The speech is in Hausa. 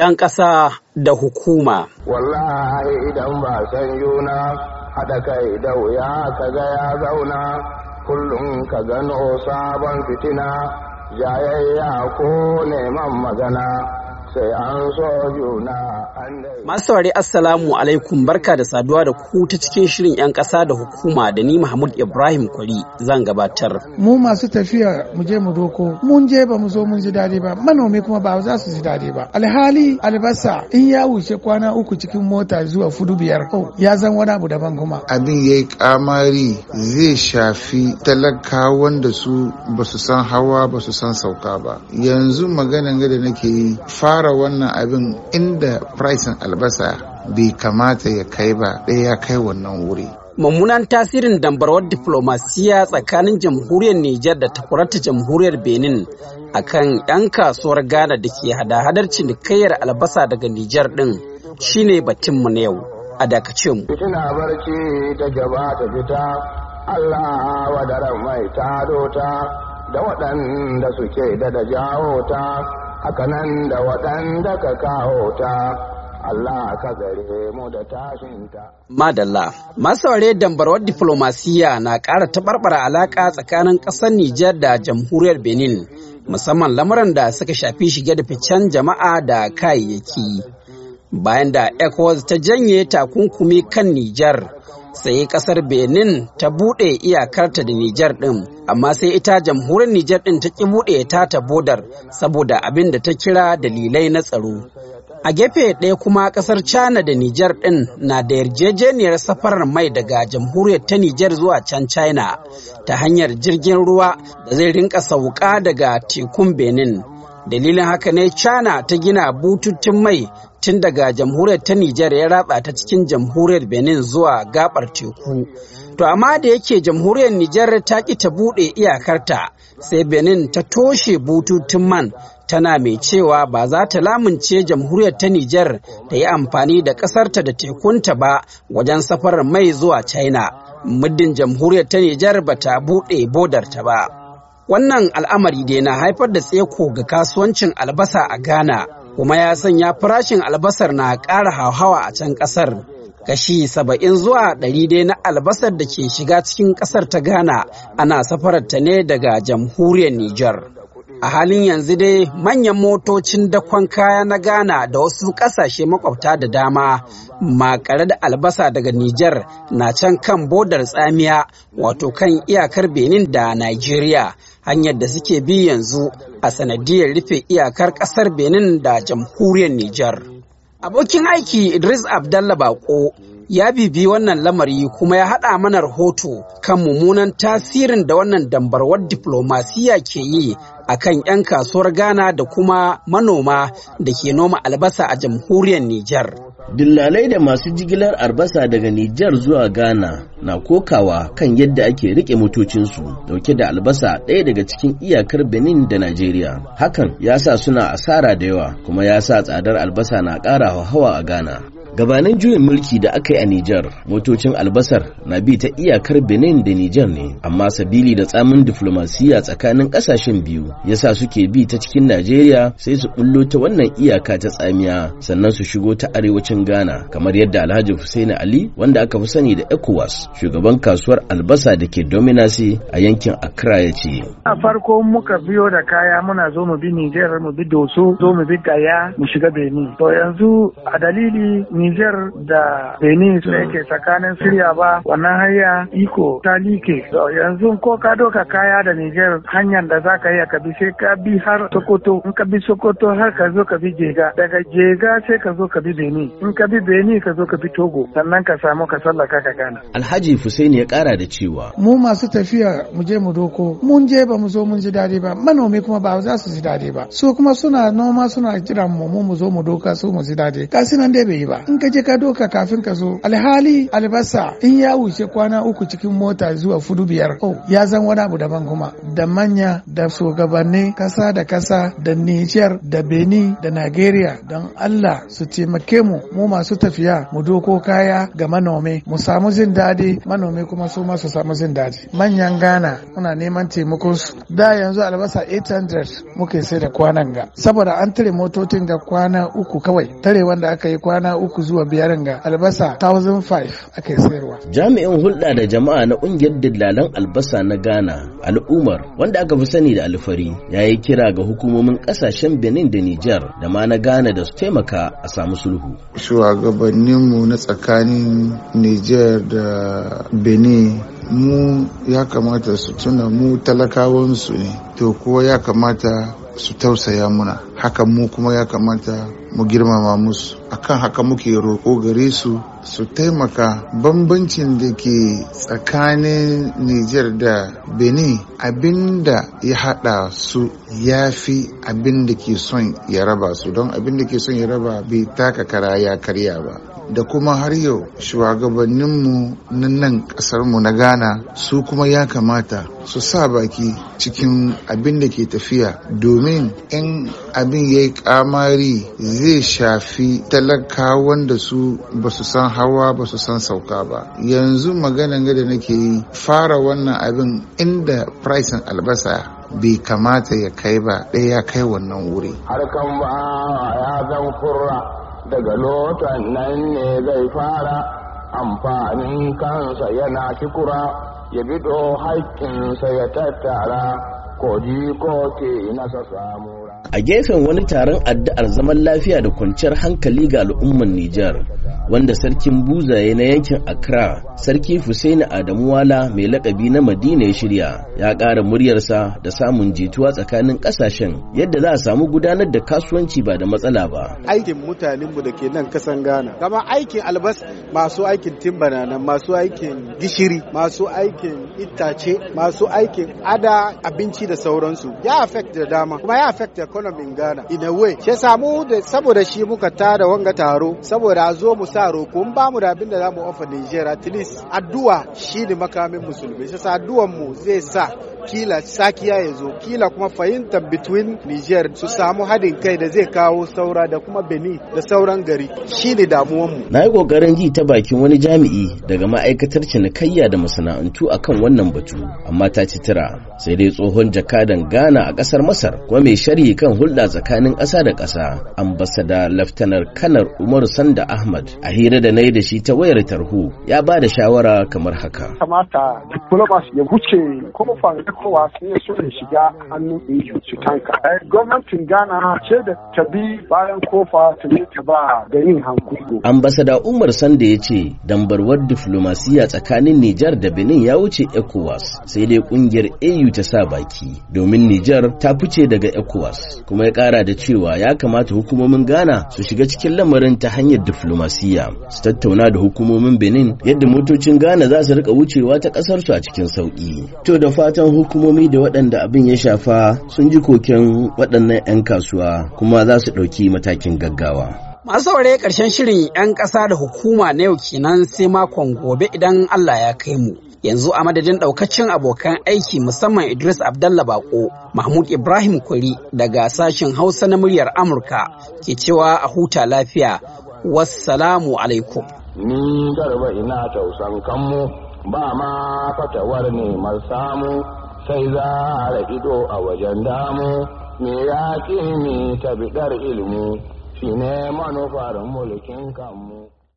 'yan ƙasa da hukuma. Wallahi idan ba san juna haɗa kai da wuya ka ga ya zauna kullum ka gano sabon fitina jayayya ko neman magana. Masu saurari Assalamu alaikum barka da saduwa da ku ta cikin shirin 'yan ƙasa da hukuma da ni Mahmud Ibrahim Kwari zan gabatar. Mu masu tafiya mu je mu doko mun je ba mu zo mun ji daɗi ba manomi kuma ba za su ji daɗi ba. Alhali albasa in ya wuce kwana uku cikin mota zuwa fudu biyar ko oh, ya zan wani abu daban kuma. Abin ya yi kamari zai shafi talakawan da su ba su san hawa ba su san sauka ba. Yanzu maganan da nake yi fa fara wannan abin inda pricing albasa bai kamata ya kai ba ɗaya ya kai wannan wuri mummunan tasirin dambarwar diflomasiya tsakanin jamhuriyar Nijar da takwarata jamhuriyar Benin a kan 'yan kasuwar Ghana da ke hada-hadar cinikayyar albasa daga Nijar ɗin shine mu na yau a dakacin mu. Fitina barci ta gaba ta fita, Allah wadaran mai ta da waɗanda suke da da ta. haka nan da waɗanda ka kawo ta Allah ka gare mu da tashinta. Madalla, masaure dambarwar diflomasiya na ƙara taɓarɓara alaƙa tsakanin ƙasar Nijar da jamhuriyar Benin, musamman lamuran da suka shafi shige da ficen jama'a da kayayyaki. Bayan da ECOWAS ta janye takunkumi kan Nijar. sai kasar benin ta buɗe iyakarta da nijar din amma sai ita jamhuriyar nijar din ta ki buɗe ta ta bodar saboda abin da ta kira dalilai na tsaro a gefe ɗaya kuma ƙasar china da nijar ɗin na da yarjejeniyar safarar mai daga jamhuriyar ta nijar zuwa can china ta hanyar jirgin ruwa da zai rinka sauka daga tekun benin dalilin haka ne china ta gina bututun mai tun daga jamhuriyar ta nijar ya ratsa ta cikin jamhuriyar benin zuwa gabar teku to amma da yake jamhuriyar nijar ta ki ta buɗe iyakarta sai benin ta toshe bututun man tana mai cewa ba za ta lamunce jamhuriyar ta nijar ta yi amfani da ƙasarta da tekunta ba wajen safarar mai zuwa china muddin jamhuriyar ta nijar ba ta buɗe bodarta ba Wannan al'amari dai na haifar da tseko ga kasuwancin albasa a Ghana, kuma ya sanya farashin albasar na ƙara hauhawa a can ƙasar. Kashi saba'in zuwa ɗari dai na albasar da ke shiga cikin ƙasar ta Ghana ana safarar ta ne daga jamhuriyar Nijar. A halin yanzu dai manyan motocin dakon kaya na Ghana da wasu ƙasashe makwabta da dama makare da albasa daga Nijar na can kan bodar tsamiya wato kan iyakar Benin da Nigeria. hanyar da suke bi yanzu a sanadiyar rufe iyakar kasar benin da jamhuriyar nijar abokin aiki idris abdallah bako ya bibi wannan lamari kuma ya haɗa mana rahoto kan mummunan tasirin da wannan dambarwar diplomasiya ke yi a kan 'yan kasuwar Ghana da kuma manoma da ke noma albasa a jamhuriyar Nijar. Dillalai da masu jigilar albasa daga Nijar zuwa Ghana na kokawa kan yadda ake riƙe motocinsu dauke da albasa ɗaya daga cikin iyakar Benin da Najeriya. Hakan ya sa suna asara da yawa kuma ya sa tsadar albasa na ƙara hawa a Ghana. gabanin juyin mulki da aka yi a Nijar motocin albasar na bi ta iyakar Benin da Nijar ne amma sabili da tsamin diflomasiya tsakanin kasashen biyu yasa suke bi ta cikin Najeriya sai su bullo ta wannan iyaka ta tsamiya sannan su shigo ta arewacin Ghana kamar yadda Alhaji Hussein Ali wanda aka fi sani da ECOWAS shugaban kasuwar albasa da ke Dominasi a yankin Accra ya ce a farko muka biyo da kaya muna zo mu bi Nijar mu bi Doso zo mu bi Gaya mu shiga Benin to yanzu a dalili Nijar da Benin da yake tsakanin Siriya ba wannan hanya iko ta like. Yanzu ko ka doka kaya da Nijar hanyar da za ka yi ka bi sai ka bi har Sokoto. In ka bi Sokoto har ka zo ka bi Jega. Daga Jega sai ka zo ka bi Benin. In ka bi Benin ka zo ka bi Togo. Sannan ka samu ka sallaka ka gana. Alhaji Hussein ya kara da cewa. Mu masu tafiya mu je mu doko. Mun je ba mu zo mun ji daɗi ba. Manomi kuma ba za su ji daɗi ba. Su kuma suna noma suna jiran mu mu zo mu doka su mu ji daɗi. Ka sinan dai bai yi ba. in ka je ka doka kafin ka zo alhali albasa in ya wuce kwana uku cikin mota zuwa fudu biyar oh ya zan wani abu daban kuma da manya da shugabanni kasa da kasa da Niger da Benin da Nigeria don Allah su taimake mu mu masu tafiya mu doko kaya ga manome mu samu jin daɗi manome kuma su ma su samu jin daɗi manyan Ghana muna neman taimakon su da yanzu albasa 800 muke sai da kwanan ga saboda an tare motocin ga kwana uku kawai tare wanda aka yi kwana uku uku zuwa biyar ga albasa 1005 ake sayarwa. Jami'in hulɗa da jama'a na ƙungiyar dillalan albasa na Ghana al'umar wanda aka fi sani da alfari ya yi kira ga hukumomin ƙasashen Benin da Nijar da ma na Ghana da su taimaka a samu sulhu. Shugabanninmu na tsakanin Nijar da Benin mu ya kamata su tuna mu talakawansu ne to kuwa ya kamata su tausaya muna haka mu kuma ya kamata mu girmama musu akan haka muke roƙo gare su su taimaka bambancin da ke tsakanin Nijar da Benin abinda ya hada su ya fi abin da ke son ya raba su don abin da ke son ya raba bai taka kara ya karya ba da kuma har yau shugabanninmu na nan ƙasarmu na ghana su kuma ya kamata su sa baki cikin abin da ke tafiya domin in abin ya yi kamari zai shafi talakawan da su ba su san hawa ba su san sauka ba yanzu maganan da nake yi fara wannan abin inda pricing albasa bai kamata ya kai ba ɗaya ya kai wannan wuri harkan ba ya zan kurra daga lotan nan ne zai fara amfanin kansa yana kikura ya bido haƙƙinsa ya tattara A gefen wani taron addu'ar zaman lafiya da kwanciyar hankali ga al'ummar Nijar, wanda sarkin buzaye na yankin Accra, sarki Fusaini Adamu Wala mai lakabi na Madina ya shirya, ya ƙara muryarsa da samun jituwa tsakanin ƙasashen yadda za a samu gudanar da kasuwanci ba da matsala ba. Aikin mutanenmu da ke nan kasan Ghana, kama aikin albas masu aikin timbana nan, masu aikin gishiri, masu aikin itace, masu aikin ada abinci da sauransu ya affect da dama kuma ya affect economy in Ghana in a way shi samu da saboda shi muka tada wanga taro saboda a zo mu sa roko ba mu da abin da za mu offer Nigeria at least addu'a shi ne makamin musulmi shi sa addu'an mu zai sa kila sakiya ya zo kila kuma fahimtar between niger su samu haɗin kai da zai kawo saura da kuma benin da sauran gari shine damuwanmu na yi ƙoƙarin ji ta bakin wani jami'i daga ma'aikatar cinikayya da masana'antu akan wannan batu amma ta ci tira sai dai tsohon jakadan ghana a ƙasar masar kuma mai sharhi kan hulɗa tsakanin ƙasa da ƙasa ambasada laftanar kanar umaru sanda ahmad a hira da na yi da shi ta wayar tarho ya ba da shawara kamar haka kamata ya wuce kuma sai ya so ya shiga hannun su tanka. Eh, gwamnatin Ghana ce da ta bi bayan kofa ta ne ta ba da yin Ambasada Umar Sanda ya ce dambarwar diflomasiya tsakanin Nijar da Benin ya wuce ECOWAS sai dai kungiyar AU ta sa baki domin Nijar ta fice daga ECOWAS kuma ya kara da cewa ya kamata hukumomin Ghana su shiga cikin lamarin ta hanyar diflomasiya su tattauna da hukumomin Benin yadda motocin Ghana za su rika wucewa ta kasar su a cikin sauki. To da fatan hukumomi da waɗanda abin ya shafa sun ji koken waɗannan 'yan kasuwa kuma za su ɗauki matakin gaggawa. Masu saurare ƙarshen shirin 'yan ƙasa da hukuma na yau kenan sai makon gobe idan Allah ya kai mu. Yanzu a madadin ɗaukacin abokan aiki musamman Idris Abdallah Bako, Mahmud Ibrahim Kwari daga sashen Hausa na muryar Amurka ke cewa a huta lafiya. Wassalamu alaikum. Ni garba ina tausan kanmu ba ma fatawar neman samu. sai za a ido a wajen damu me ya ni ta biɗar ilimi shine manufar mulkin kanmu